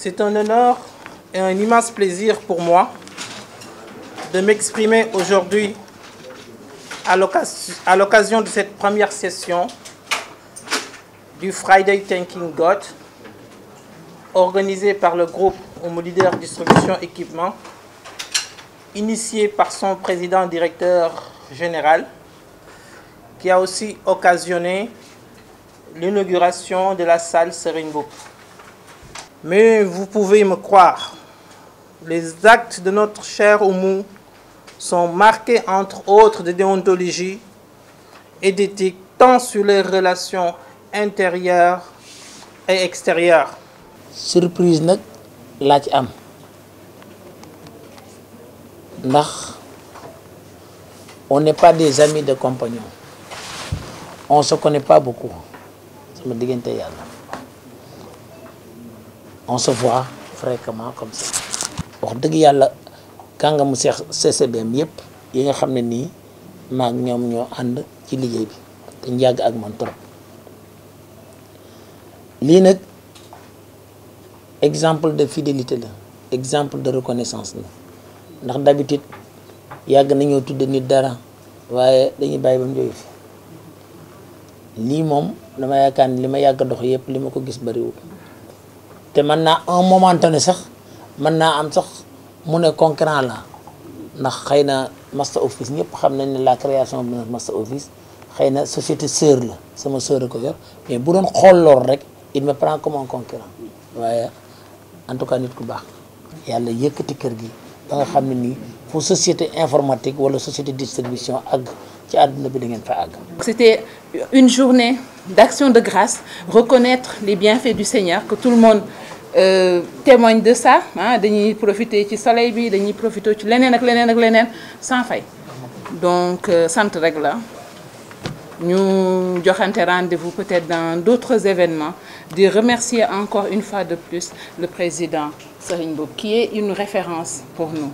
C'est un honneur et un immense plaisir pour moi de m'exprimer aujourd'hui à l'occasion de cette première session du Friday Thinking God organisée par le groupe Homo Leader Distribution Équipement, initié par son président directeur général, qui a aussi occasionné l'inauguration de la salle Serengo. Mais vous pouvez me croire, les actes de notre cher Oumou sont marqués entre autres de déontologie et d'éthique tant sur les relations intérieures et extérieures. Surprise nag l'a am on n'est pas des amis de compagnons on ne se connaît pas beaucoup me dit intérieur on se voit fréquemment comme ça wax dëgg quand on mu CCBM yi nga xamné ni ma ak ñom ñoo and ci liggéey bi ak man trop exemple de fidélité exemple de reconnaissance la ndax d'habitude yàgg nañoo tudde nit dara waye dañuy bàyyi bam fi dama yakane lima dox ko gis te man na un moment tane sax man na am sax mu ne concurrent la ndax xeyna master office ñep xam nañ la création de master office xeyna société sœur la sama sœur ko yor mais bu doon xol lor rek il me prend comme un concurrent waye en tout cas nit ku bax yàlla yëkëti kër gi ba nga xam ne nii fu société informatique wala société distribution ak c'était une journée d'action de grâce reconnaître les bienfaits du Seigneur que tout le monde euh, témoigne de ça hein, de profiter ci soleil de profiter ci sans fay donc euh, sans rek nous ñu rendez-vous peut-être dans d'autres événements de remercier encore une fois de plus le président Serigne qui est une référence pour nous.